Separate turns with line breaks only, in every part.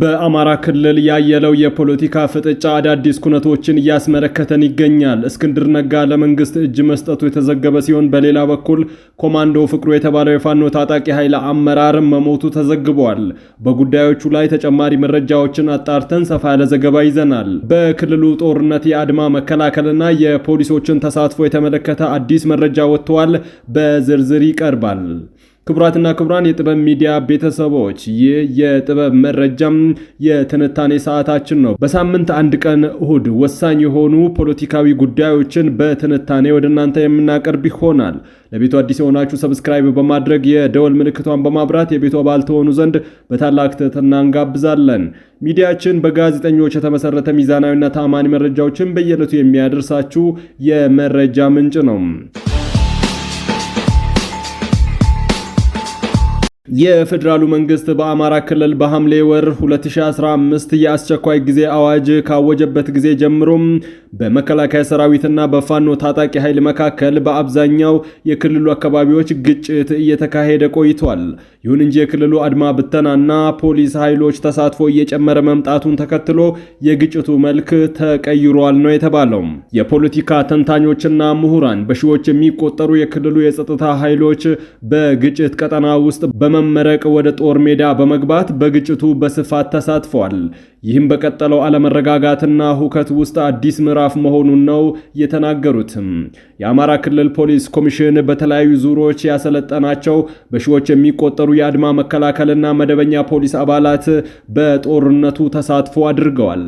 በአማራ ክልል ያየለው የፖለቲካ ፍጥጫ አዳዲስ ኩነቶችን እያስመለከተን ይገኛል። እስክንድር ነጋ ለመንግስት እጅ መስጠቱ የተዘገበ ሲሆን በሌላ በኩል ኮማንዶ ፍቅሩ የተባለው የፋኖ ታጣቂ ኃይል አመራር መሞቱ ተዘግቧል። በጉዳዮቹ ላይ ተጨማሪ መረጃዎችን አጣርተን ሰፋ ያለ ዘገባ ይዘናል። በክልሉ ጦርነት የአድማ መከላከልና የፖሊሶችን ተሳትፎ የተመለከተ አዲስ መረጃ ወጥተዋል። በዝርዝር ይቀርባል። ክቡራትና ክቡራን የጥበብ ሚዲያ ቤተሰቦች ይህ የጥበብ መረጃም የትንታኔ ሰዓታችን ነው። በሳምንት አንድ ቀን እሁድ ወሳኝ የሆኑ ፖለቲካዊ ጉዳዮችን በትንታኔ ወደ እናንተ የምናቀርብ ይሆናል። ለቤቱ አዲስ የሆናችሁ ሰብስክራይብ በማድረግ የደወል ምልክቷን በማብራት የቤቱ አባል ትሆኑ ዘንድ በታላቅ ትህትና እንጋብዛለን። ሚዲያችን በጋዜጠኞች የተመሰረተ ሚዛናዊና ታማኒ መረጃዎችን በየዕለቱ የሚያደርሳችሁ የመረጃ ምንጭ ነው። የፌዴራሉ መንግስት በአማራ ክልል በሐምሌ ወር 2015 የአስቸኳይ ጊዜ አዋጅ ካወጀበት ጊዜ ጀምሮም በመከላከያ ሰራዊትና በፋኖ ታጣቂ ኃይል መካከል በአብዛኛው የክልሉ አካባቢዎች ግጭት እየተካሄደ ቆይቷል። ይሁን እንጂ የክልሉ አድማ ብተናና ፖሊስ ኃይሎች ተሳትፎ እየጨመረ መምጣቱን ተከትሎ የግጭቱ መልክ ተቀይሯል ነው የተባለው። የፖለቲካ ተንታኞችና ምሁራን በሺዎች የሚቆጠሩ የክልሉ የጸጥታ ኃይሎች በግጭት ቀጠና ውስጥ በመመረቅ ወደ ጦር ሜዳ በመግባት በግጭቱ በስፋት ተሳትፈዋል። ይህም በቀጠለው አለመረጋጋትና ሁከት ውስጥ አዲስ ምዕራፍ መሆኑን ነው የተናገሩትም። የአማራ ክልል ፖሊስ ኮሚሽን በተለያዩ ዙሮች ያሰለጠናቸው በሺዎች የሚቆጠሩ የአድማ መከላከልና መደበኛ ፖሊስ አባላት በጦርነቱ ተሳትፎ አድርገዋል።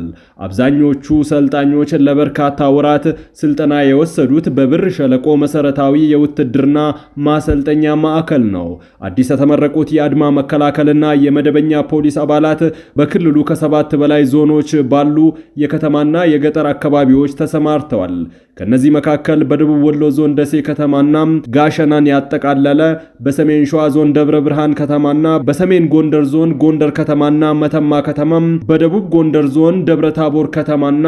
አብዛኞቹ ሰልጣኞች ለበርካታ ወራት ስልጠና የወሰዱት በብር ሸለቆ መሰረታዊ የውትድርና ማሰልጠኛ ማዕከል ነው። አዲስ የተመረቁት የአድማ መከላከልና የመደበኛ ፖሊስ አባላት በክልሉ ከሰባት በላይ በላይ ዞኖች ባሉ የከተማና የገጠር አካባቢዎች ተሰማርተዋል። ከነዚህ መካከል በደቡብ ወሎ ዞን ደሴ ከተማና ጋሸናን ያጠቃለለ፣ በሰሜን ሸዋ ዞን ደብረ ብርሃን ከተማና በሰሜን ጎንደር ዞን ጎንደር ከተማና መተማ ከተማ፣ በደቡብ ጎንደር ዞን ደብረ ታቦር ከተማና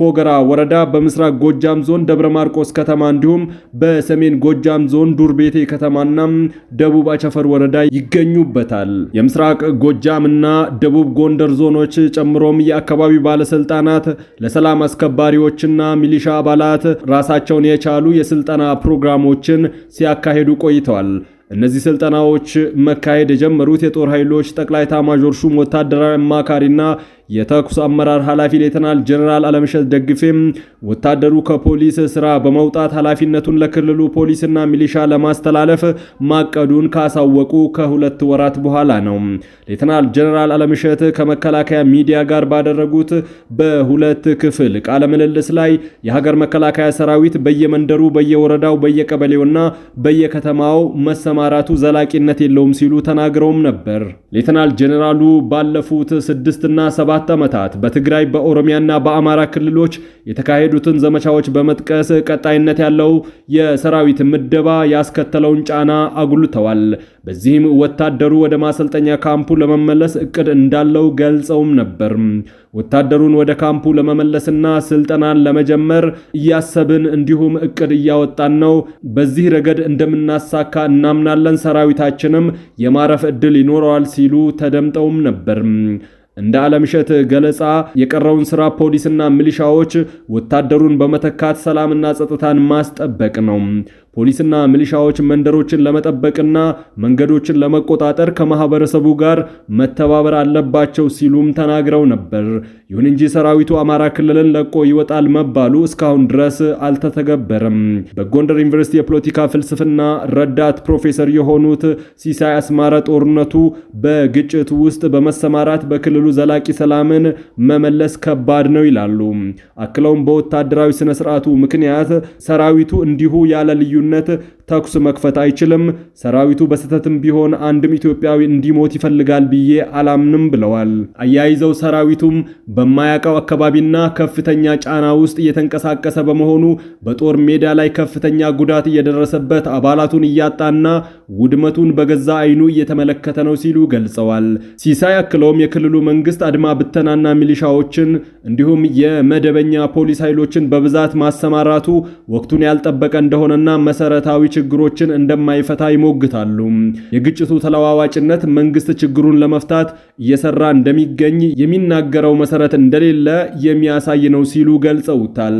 ፎገራ ወረዳ፣ በምስራቅ ጎጃም ዞን ደብረ ማርቆስ ከተማ እንዲሁም በሰሜን ጎጃም ዞን ዱርቤቴ ከተማና ደቡብ አቸፈር ወረዳ ይገኙበታል። የምስራቅ ጎጃም እና ደቡብ ጎንደር ዞኖች ጨምሮም የአካባቢው ባለስልጣናት ለሰላም አስከባሪዎችና ሚሊሻ አባላት ራሳቸውን የቻሉ የስልጠና ፕሮግራሞችን ሲያካሂዱ ቆይተዋል። እነዚህ ስልጠናዎች መካሄድ የጀመሩት የጦር ኃይሎች ጠቅላይ ታማዦር ሹም ወታደራዊ አማካሪና የተኩስ አመራር ኃላፊ ሌተናል ጀነራል አለምሸት ደግፌም ወታደሩ ከፖሊስ ስራ በመውጣት ኃላፊነቱን ለክልሉ ፖሊስና ሚሊሻ ለማስተላለፍ ማቀዱን ካሳወቁ ከሁለት ወራት በኋላ ነው። ሌተናል ጀነራል አለምሸት ከመከላከያ ሚዲያ ጋር ባደረጉት በሁለት ክፍል ቃለ ምልልስ ላይ የሀገር መከላከያ ሰራዊት በየመንደሩ፣ በየወረዳው፣ በየቀበሌውና በየከተማው መሰማራቱ ዘላቂነት የለውም ሲሉ ተናግረውም ነበር። ሌተናል ጀነራሉ ባለፉት ስድስትና ሰባት ለአራት ዓመታት በትግራይ በኦሮሚያና በአማራ ክልሎች የተካሄዱትን ዘመቻዎች በመጥቀስ ቀጣይነት ያለው የሰራዊት ምደባ ያስከተለውን ጫና አጉልተዋል። በዚህም ወታደሩ ወደ ማሰልጠኛ ካምፑ ለመመለስ እቅድ እንዳለው ገልጸውም ነበር። ወታደሩን ወደ ካምፑ ለመመለስና ስልጠናን ለመጀመር እያሰብን እንዲሁም እቅድ እያወጣን ነው። በዚህ ረገድ እንደምናሳካ እናምናለን። ሰራዊታችንም የማረፍ ዕድል ይኖረዋል ሲሉ ተደምጠውም ነበር። እንደ አለምሸት ገለጻ የቀረውን ስራ ፖሊስና ሚሊሻዎች ወታደሩን በመተካት ሰላምና ጸጥታን ማስጠበቅ ነው። ፖሊስና ሚሊሻዎች መንደሮችን ለመጠበቅና መንገዶችን ለመቆጣጠር ከማህበረሰቡ ጋር መተባበር አለባቸው ሲሉም ተናግረው ነበር። ይሁን እንጂ ሰራዊቱ አማራ ክልልን ለቆ ይወጣል መባሉ እስካሁን ድረስ አልተተገበረም። በጎንደር ዩኒቨርሲቲ የፖለቲካ ፍልስፍና ረዳት ፕሮፌሰር የሆኑት ሲሳይ አስማረ ጦርነቱ በግጭት ውስጥ በመሰማራት በክልሉ ዘላቂ ሰላምን መመለስ ከባድ ነው ይላሉ። አክለውም በወታደራዊ ስነስርዓቱ ምክንያት ሰራዊቱ እንዲሁ ያለ ልዩ ልዩነት ተኩስ መክፈት አይችልም። ሰራዊቱ በስተትም ቢሆን አንድም ኢትዮጵያዊ እንዲሞት ይፈልጋል ብዬ አላምንም ብለዋል። አያይዘው ሰራዊቱም በማያውቀው አካባቢና ከፍተኛ ጫና ውስጥ እየተንቀሳቀሰ በመሆኑ በጦር ሜዳ ላይ ከፍተኛ ጉዳት እየደረሰበት አባላቱን እያጣና ውድመቱን በገዛ አይኑ እየተመለከተ ነው ሲሉ ገልጸዋል። ሲሳይ አክለውም የክልሉ መንግስት አድማ ብተናና ሚሊሻዎችን እንዲሁም የመደበኛ ፖሊስ ኃይሎችን በብዛት ማሰማራቱ ወቅቱን ያልጠበቀ እንደሆነና መሰረታዊ ችግሮችን እንደማይፈታ ይሞግታሉ። የግጭቱ ተለዋዋጭነት መንግስት ችግሩን ለመፍታት እየሰራ እንደሚገኝ የሚናገረው መሰረት እንደሌለ የሚያሳይ ነው ሲሉ ገልጸውታል።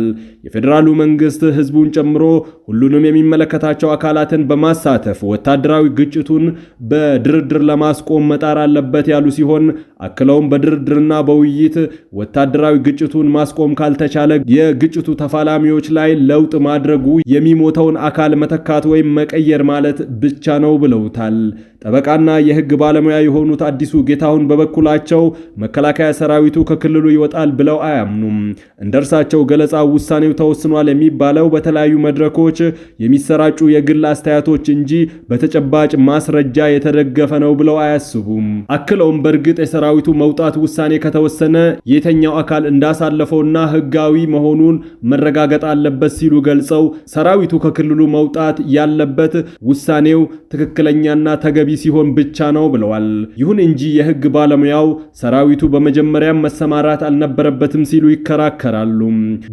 የፌዴራሉ መንግስት ህዝቡን ጨምሮ ሁሉንም የሚመለከታቸው አካላትን በማሳተፍ ወታደራዊ ግጭቱን በድርድር ለማስቆም መጣር አለበት ያሉ ሲሆን አክለውም በድርድርና በውይይት ወታደራዊ ግጭቱን ማስቆም ካልተቻለ የግጭቱ ተፋላሚዎች ላይ ለውጥ ማድረጉ የሚሞተውን አካል አካል መተካት ወይም መቀየር ማለት ብቻ ነው ብለውታል። ጠበቃና የህግ ባለሙያ የሆኑት አዲሱ ጌታሁን በበኩላቸው መከላከያ ሰራዊቱ ከክልሉ ይወጣል ብለው አያምኑም። እንደ እርሳቸው ገለጻ ውሳኔው ተወስኗል የሚባለው በተለያዩ መድረኮች የሚሰራጩ የግል አስተያየቶች እንጂ በተጨባጭ ማስረጃ የተደገፈ ነው ብለው አያስቡም። አክለውም በእርግጥ የሰራዊቱ መውጣት ውሳኔ ከተወሰነ የተኛው አካል እንዳሳለፈውና ህጋዊ መሆኑን መረጋገጥ አለበት ሲሉ ገልጸው ሰራዊቱ ከክልሉ መውጣት ያለበት ውሳኔው ትክክለኛና ተገቢ ሲሆን ብቻ ነው ብለዋል። ይሁን እንጂ የህግ ባለሙያው ሰራዊቱ በመጀመሪያም መሰማራት አልነበረበትም ሲሉ ይከራከራሉ።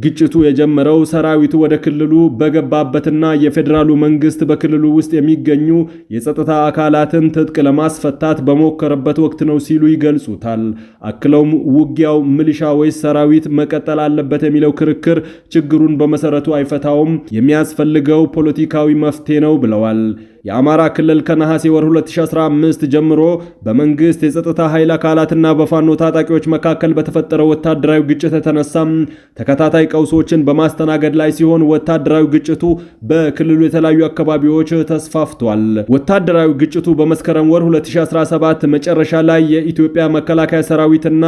ግጭቱ የጀመረው ሰራዊቱ ወደ ክልሉ በገባበትና የፌዴራሉ መንግስት በክልሉ ውስጥ የሚገኙ የጸጥታ አካላትን ትጥቅ ለማስፈታት በሞከረበት ወቅት ነው ሲሉ ይገልጹታል። አክለውም ውጊያው ሚሊሻ ወይስ ሰራዊት መቀጠል አለበት የሚለው ክርክር ችግሩን በመሰረቱ አይፈታውም፣ የሚያስፈልገው ፖለቲካዊ መፍትሄ ነው ብለዋል። የአማራ ክልል ከነሐሴ ወር 2015 ጀምሮ በመንግስት የጸጥታ ኃይል አካላትና በፋኖ ታጣቂዎች መካከል በተፈጠረው ወታደራዊ ግጭት የተነሳም ተከታታይ ቀውሶችን በማስተናገድ ላይ ሲሆን ወታደራዊ ግጭቱ በክልሉ የተለያዩ አካባቢዎች ተስፋፍቷል። ወታደራዊ ግጭቱ በመስከረም ወር 2017 መጨረሻ ላይ የኢትዮጵያ መከላከያ ሰራዊትና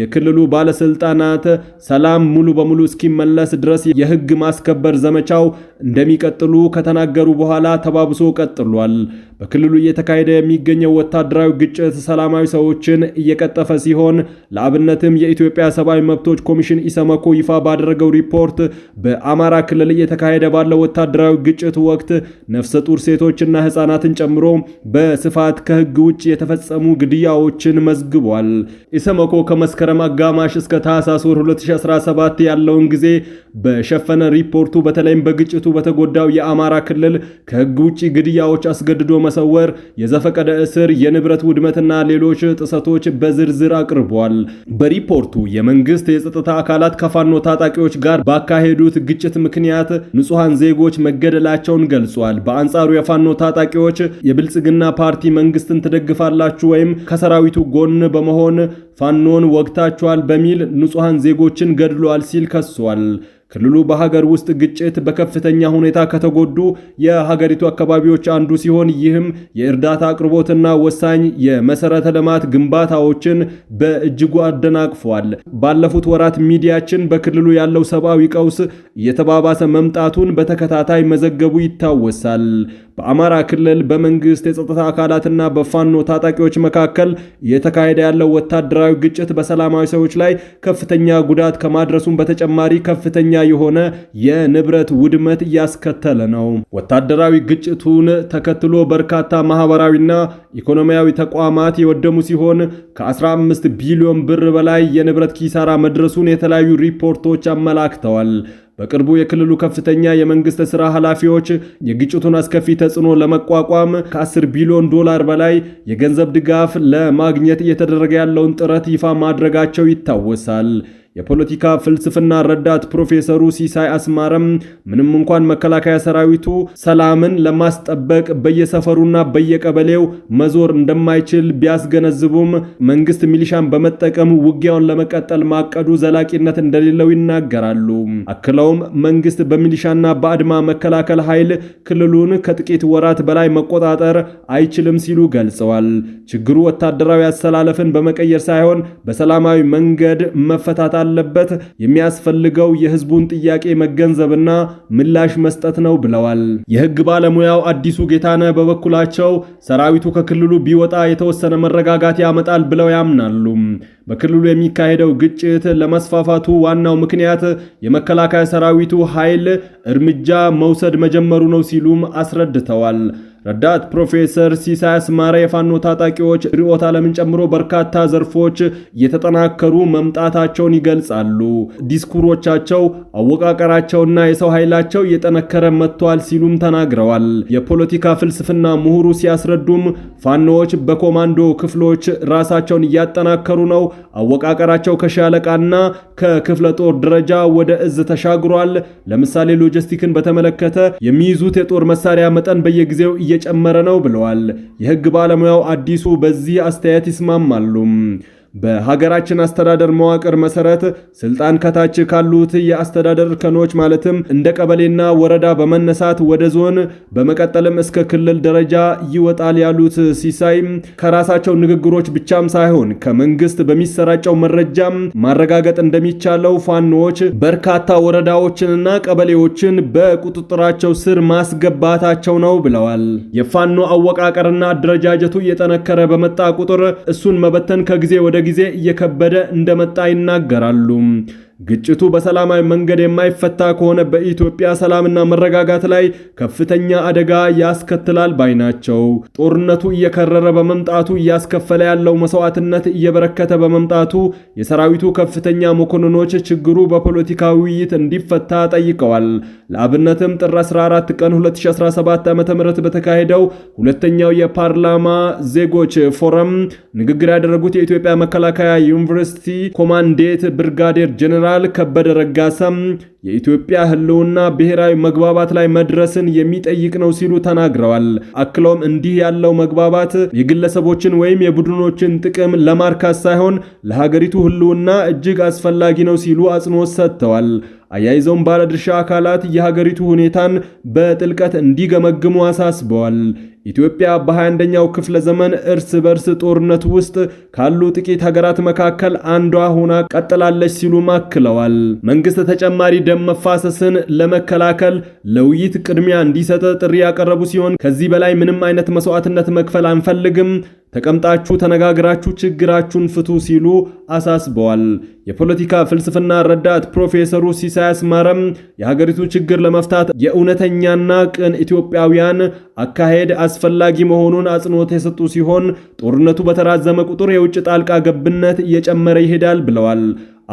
የክልሉ ባለስልጣናት ሰላም ሙሉ በሙሉ እስኪመለስ ድረስ የህግ ማስከበር ዘመቻው እንደሚቀጥሉ ከተናገሩ በኋላ ተባብሶ ቀጥሏል። በክልሉ እየተካሄደ የሚገኘው ወታደራዊ ግጭት ሰላማዊ ሰዎችን እየቀጠፈ ሲሆን ለአብነትም የኢትዮጵያ ሰብአዊ መብቶች ኮሚሽን ኢሰመኮ ይፋ ባደረገው ሪፖርት በአማራ ክልል እየተካሄደ ባለው ወታደራዊ ግጭት ወቅት ነፍሰ ጡር ሴቶችና ሕፃናትን ጨምሮ በስፋት ከህግ ውጭ የተፈጸሙ ግድያዎችን መዝግቧል። ኢሰመኮ ከመስከረም አጋማሽ እስከ ታህሳስ ወር 2017 ያለውን ጊዜ በሸፈነ ሪፖርቱ በተለይም በግጭቱ በተጎዳው የአማራ ክልል ከህግ ውጭ ግድያዎች፣ አስገድዶ መሰወር፣ የዘፈቀደ እስር፣ የንብረት ውድመትና ሌሎች ጥሰቶች በዝርዝር አቅርቧል። በሪፖርቱ የመንግስት የጸጥታ አካላት ከፋኖ ታጣቂዎች ጋር ባካሄዱት ግጭት ምክንያት ንጹሐን ዜጎች መገደላቸውን ገልጿል። በአንጻሩ የፋኖ ታጣቂዎች የብልጽግና ፓርቲ መንግስትን ትደግፋላችሁ ወይም ከሰራዊቱ ጎን በመሆን ፋኖን ወግታችኋል በሚል ንጹሐን ዜጎችን ገድሏል ሲል ከሷል። ክልሉ በሀገር ውስጥ ግጭት በከፍተኛ ሁኔታ ከተጎዱ የሀገሪቱ አካባቢዎች አንዱ ሲሆን ይህም የእርዳታ አቅርቦትና ወሳኝ የመሰረተ ልማት ግንባታዎችን በእጅጉ አደናቅፏል። ባለፉት ወራት ሚዲያችን በክልሉ ያለው ሰብአዊ ቀውስ እየተባባሰ መምጣቱን በተከታታይ መዘገቡ ይታወሳል። በአማራ ክልል በመንግስት የጸጥታ አካላትና በፋኖ ታጣቂዎች መካከል እየተካሄደ ያለው ወታደራዊ ግጭት በሰላማዊ ሰዎች ላይ ከፍተኛ ጉዳት ከማድረሱም በተጨማሪ ከፍተኛ የሆነ የንብረት ውድመት እያስከተለ ነው። ወታደራዊ ግጭቱን ተከትሎ በርካታ ማህበራዊና ኢኮኖሚያዊ ተቋማት የወደሙ ሲሆን ከ15 ቢሊዮን ብር በላይ የንብረት ኪሳራ መድረሱን የተለያዩ ሪፖርቶች አመላክተዋል። በቅርቡ የክልሉ ከፍተኛ የመንግስት ሥራ ኃላፊዎች የግጭቱን አስከፊ ተጽዕኖ ለመቋቋም ከ10 ቢሊዮን ዶላር በላይ የገንዘብ ድጋፍ ለማግኘት እየተደረገ ያለውን ጥረት ይፋ ማድረጋቸው ይታወሳል። የፖለቲካ ፍልስፍና ረዳት ፕሮፌሰሩ ሲሳይ አስማረም ምንም እንኳን መከላከያ ሰራዊቱ ሰላምን ለማስጠበቅ በየሰፈሩና በየቀበሌው መዞር እንደማይችል ቢያስገነዝቡም መንግስት ሚሊሻን በመጠቀም ውጊያውን ለመቀጠል ማቀዱ ዘላቂነት እንደሌለው ይናገራሉ። አክለውም መንግስት በሚሊሻና በአድማ መከላከል ኃይል ክልሉን ከጥቂት ወራት በላይ መቆጣጠር አይችልም ሲሉ ገልጸዋል። ችግሩ ወታደራዊ አሰላለፍን በመቀየር ሳይሆን በሰላማዊ መንገድ መፈታታ ስላለበት የሚያስፈልገው የህዝቡን ጥያቄ መገንዘብና ምላሽ መስጠት ነው ብለዋል። የህግ ባለሙያው አዲሱ ጌታነህ በበኩላቸው ሰራዊቱ ከክልሉ ቢወጣ የተወሰነ መረጋጋት ያመጣል ብለው ያምናሉ። በክልሉ የሚካሄደው ግጭት ለመስፋፋቱ ዋናው ምክንያት የመከላከያ ሰራዊቱ ኃይል እርምጃ መውሰድ መጀመሩ ነው ሲሉም አስረድተዋል። ረዳት ፕሮፌሰር ሲሳይ አስማረ የፋኖ ታጣቂዎች ርዕዮተ ዓለምን ጨምሮ በርካታ ዘርፎች እየተጠናከሩ መምጣታቸውን ይገልጻሉ። ዲስኩሮቻቸው፣ አወቃቀራቸውና የሰው ኃይላቸው እየጠነከረ መጥቷል ሲሉም ተናግረዋል። የፖለቲካ ፍልስፍና ምሁሩ ሲያስረዱም ፋኖዎች በኮማንዶ ክፍሎች ራሳቸውን እያጠናከሩ ነው። አወቃቀራቸው ከሻለቃና ከክፍለ ጦር ደረጃ ወደ እዝ ተሻግሯል። ለምሳሌ ሎጂስቲክን በተመለከተ የሚይዙት የጦር መሳሪያ መጠን በየጊዜው እየጨመረ ነው ብለዋል። የህግ ባለሙያው አዲሱ በዚህ አስተያየት ይስማማሉ። በሀገራችን አስተዳደር መዋቅር መሰረት ስልጣን ከታች ካሉት የአስተዳደር እርከኖች ማለትም እንደ ቀበሌና ወረዳ በመነሳት ወደ ዞን በመቀጠልም እስከ ክልል ደረጃ ይወጣል ያሉት ሲሳይ ከራሳቸው ንግግሮች ብቻም ሳይሆን ከመንግስት በሚሰራጨው መረጃም ማረጋገጥ እንደሚቻለው ፋኖዎች በርካታ ወረዳዎችንና ቀበሌዎችን በቁጥጥራቸው ስር ማስገባታቸው ነው ብለዋል። የፋኖ አወቃቀርና አደረጃጀቱ እየጠነከረ በመጣ ቁጥር እሱን መበተን ከጊዜ ወደ ጊዜ እየከበደ እንደመጣ ይናገራሉ። ግጭቱ በሰላማዊ መንገድ የማይፈታ ከሆነ በኢትዮጵያ ሰላምና መረጋጋት ላይ ከፍተኛ አደጋ ያስከትላል ባይ ናቸው። ጦርነቱ እየከረረ በመምጣቱ እያስከፈለ ያለው መስዋዕትነት እየበረከተ በመምጣቱ የሰራዊቱ ከፍተኛ መኮንኖች ችግሩ በፖለቲካ ውይይት እንዲፈታ ጠይቀዋል። ለአብነትም ጥር 14 ቀን 2017 ዓ ም በተካሄደው ሁለተኛው የፓርላማ ዜጎች ፎረም ንግግር ያደረጉት የኢትዮጵያ መከላከያ ዩኒቨርሲቲ ኮማንዴት ብርጋዴር ጀኔራል ጀነራል ከበደ ረጋሳም የኢትዮጵያ ህልውና ብሔራዊ መግባባት ላይ መድረስን የሚጠይቅ ነው ሲሉ ተናግረዋል። አክለውም እንዲህ ያለው መግባባት የግለሰቦችን ወይም የቡድኖችን ጥቅም ለማርካት ሳይሆን ለሀገሪቱ ህልውና እጅግ አስፈላጊ ነው ሲሉ አጽንኦት ሰጥተዋል። አያይዘውም ባለድርሻ አካላት የሀገሪቱ ሁኔታን በጥልቀት እንዲገመግሙ አሳስበዋል። ኢትዮጵያ በ21ኛው ክፍለ ዘመን እርስ በርስ ጦርነት ውስጥ ካሉ ጥቂት ሀገራት መካከል አንዷ ሆና ቀጥላለች ሲሉ ማክለዋል። መንግስት ተጨማሪ ደም መፋሰስን ለመከላከል ለውይይት ቅድሚያ እንዲሰጥ ጥሪ ያቀረቡ ሲሆን ከዚህ በላይ ምንም አይነት መስዋዕትነት መክፈል አንፈልግም ተቀምጣችሁ ተነጋግራችሁ ችግራችሁን ፍቱ ሲሉ አሳስበዋል። የፖለቲካ ፍልስፍና ረዳት ፕሮፌሰሩ ሲሳይ አስማረም የሀገሪቱ ችግር ለመፍታት የእውነተኛና ቅን ኢትዮጵያውያን አካሄድ አስፈላጊ መሆኑን አጽንኦት የሰጡ ሲሆን ጦርነቱ በተራዘመ ቁጥር የውጭ ጣልቃ ገብነት እየጨመረ ይሄዳል ብለዋል።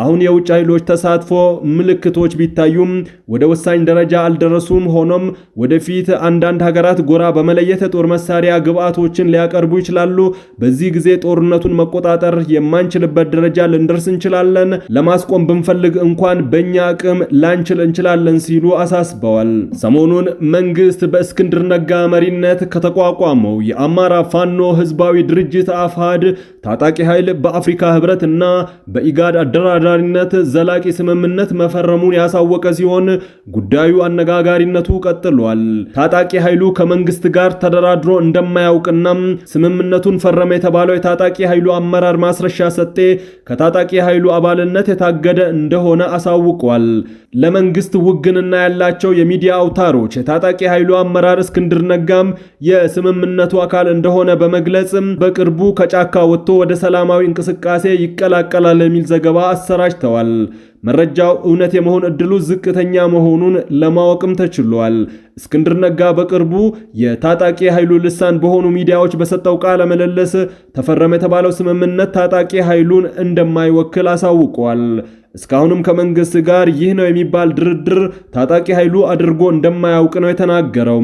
አሁን የውጭ ኃይሎች ተሳትፎ ምልክቶች ቢታዩም ወደ ወሳኝ ደረጃ አልደረሱም። ሆኖም ወደፊት አንዳንድ ሀገራት ጎራ በመለየት ጦር መሳሪያ ግብዓቶችን ሊያቀርቡ ይችላሉ። በዚህ ጊዜ ጦርነቱን መቆጣጠር የማንችልበት ደረጃ ልንደርስ እንችላለን። ለማስቆም ብንፈልግ እንኳን በእኛ አቅም ላንችል እንችላለን ሲሉ አሳስበዋል። ሰሞኑን መንግስት በእስክንድር ነጋ መሪነት ከተቋቋመው የአማራ ፋኖ ህዝባዊ ድርጅት አፋድ ታጣቂ ኃይል በአፍሪካ ህብረት እና በኢጋድ አደራ አደራዳሪነት ዘላቂ ስምምነት መፈረሙን ያሳወቀ ሲሆን ጉዳዩ አነጋጋሪነቱ ቀጥሏል። ታጣቂ ኃይሉ ከመንግስት ጋር ተደራድሮ እንደማያውቅና ስምምነቱን ፈረመ የተባለው የታጣቂ ኃይሉ አመራር ማስረሻ ሰጤ ከታጣቂ ኃይሉ አባልነት የታገደ እንደሆነ አሳውቋል። ለመንግስት ውግንና ያላቸው የሚዲያ አውታሮች የታጣቂ ኃይሉ አመራር እስክንድር ነጋም የስምምነቱ አካል እንደሆነ በመግለጽ በቅርቡ ከጫካ ወጥቶ ወደ ሰላማዊ እንቅስቃሴ ይቀላቀላል የሚል ዘገባ አሰራጭተዋል። መረጃው እውነት የመሆን ዕድሉ ዝቅተኛ መሆኑን ለማወቅም ተችሏል። እስክንድር ነጋ በቅርቡ የታጣቂ ኃይሉ ልሳን በሆኑ ሚዲያዎች በሰጠው ቃለ ምልልስ ተፈረመ የተባለው ስምምነት ታጣቂ ኃይሉን እንደማይወክል አሳውቋል። እስካሁንም ከመንግስት ጋር ይህ ነው የሚባል ድርድር ታጣቂ ኃይሉ አድርጎ እንደማያውቅ ነው የተናገረው።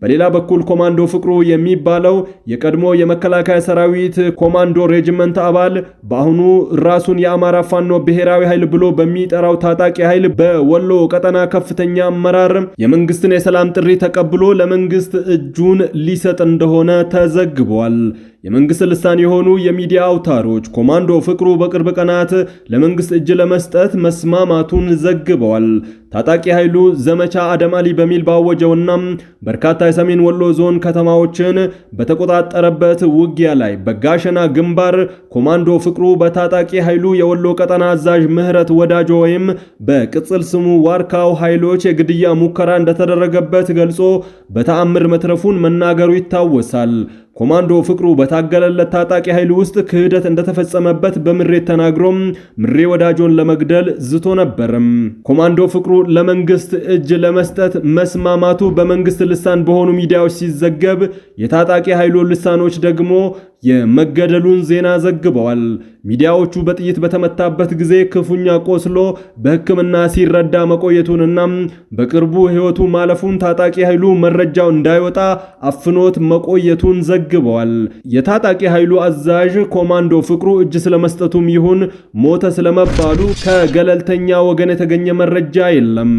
በሌላ በኩል ኮማንዶ ፍቅሩ የሚባለው የቀድሞ የመከላከያ ሰራዊት ኮማንዶ ሬጅመንት አባል በአሁኑ ራሱን የአማራ ፋኖ ብሔራዊ ኃይል ብሎ በሚጠራው ታጣቂ ኃይል በወሎ ቀጠና ከፍተኛ አመራር የመንግስትን የሰላም ጥሪ ተቀብሎ ለመንግስት እጁን ሊሰጥ እንደሆነ ተዘግቧል። የመንግስት ልሳን የሆኑ የሚዲያ አውታሮች ኮማንዶ ፍቅሩ በቅርብ ቀናት ለመንግስት እጅ ለመስጠት መስማማቱን ዘግበዋል። ታጣቂ ኃይሉ ዘመቻ አደማሊ በሚል ባወጀውና በርካታ የሰሜን ወሎ ዞን ከተማዎችን በተቆጣጠረበት ውጊያ ላይ በጋሸና ግንባር ኮማንዶ ፍቅሩ በታጣቂ ኃይሉ የወሎ ቀጠና አዛዥ ምህረት ወዳጆ ወይም በቅጽል ስሙ ዋርካው ኃይሎች የግድያ ሙከራ እንደተደረገበት ገልጾ በተአምር መትረፉን መናገሩ ይታወሳል። ኮማንዶ ፍቅሩ በታገለለት ታጣቂ ኃይል ውስጥ ክህደት እንደተፈጸመበት በምሬት ተናግሮም ምሬ ወዳጆን ለመግደል ዝቶ ነበርም። ኮማንዶ ፍቅሩ ለመንግስት እጅ ለመስጠት መስማማቱ በመንግስት ልሳን በሆኑ ሚዲያዎች ሲዘገብ፣ የታጣቂ ኃይሉ ልሳኖች ደግሞ የመገደሉን ዜና ዘግበዋል። ሚዲያዎቹ በጥይት በተመታበት ጊዜ ክፉኛ ቆስሎ በሕክምና ሲረዳ መቆየቱንና በቅርቡ ሕይወቱ ማለፉን ታጣቂ ኃይሉ መረጃው እንዳይወጣ አፍኖት መቆየቱን ዘግ ዘግበዋል። የታጣቂ ኃይሉ አዛዥ ኮማንዶ ፍቅሩ እጅ ስለመስጠቱም ይሁን ሞተ ስለመባሉ ከገለልተኛ ወገን የተገኘ መረጃ የለም።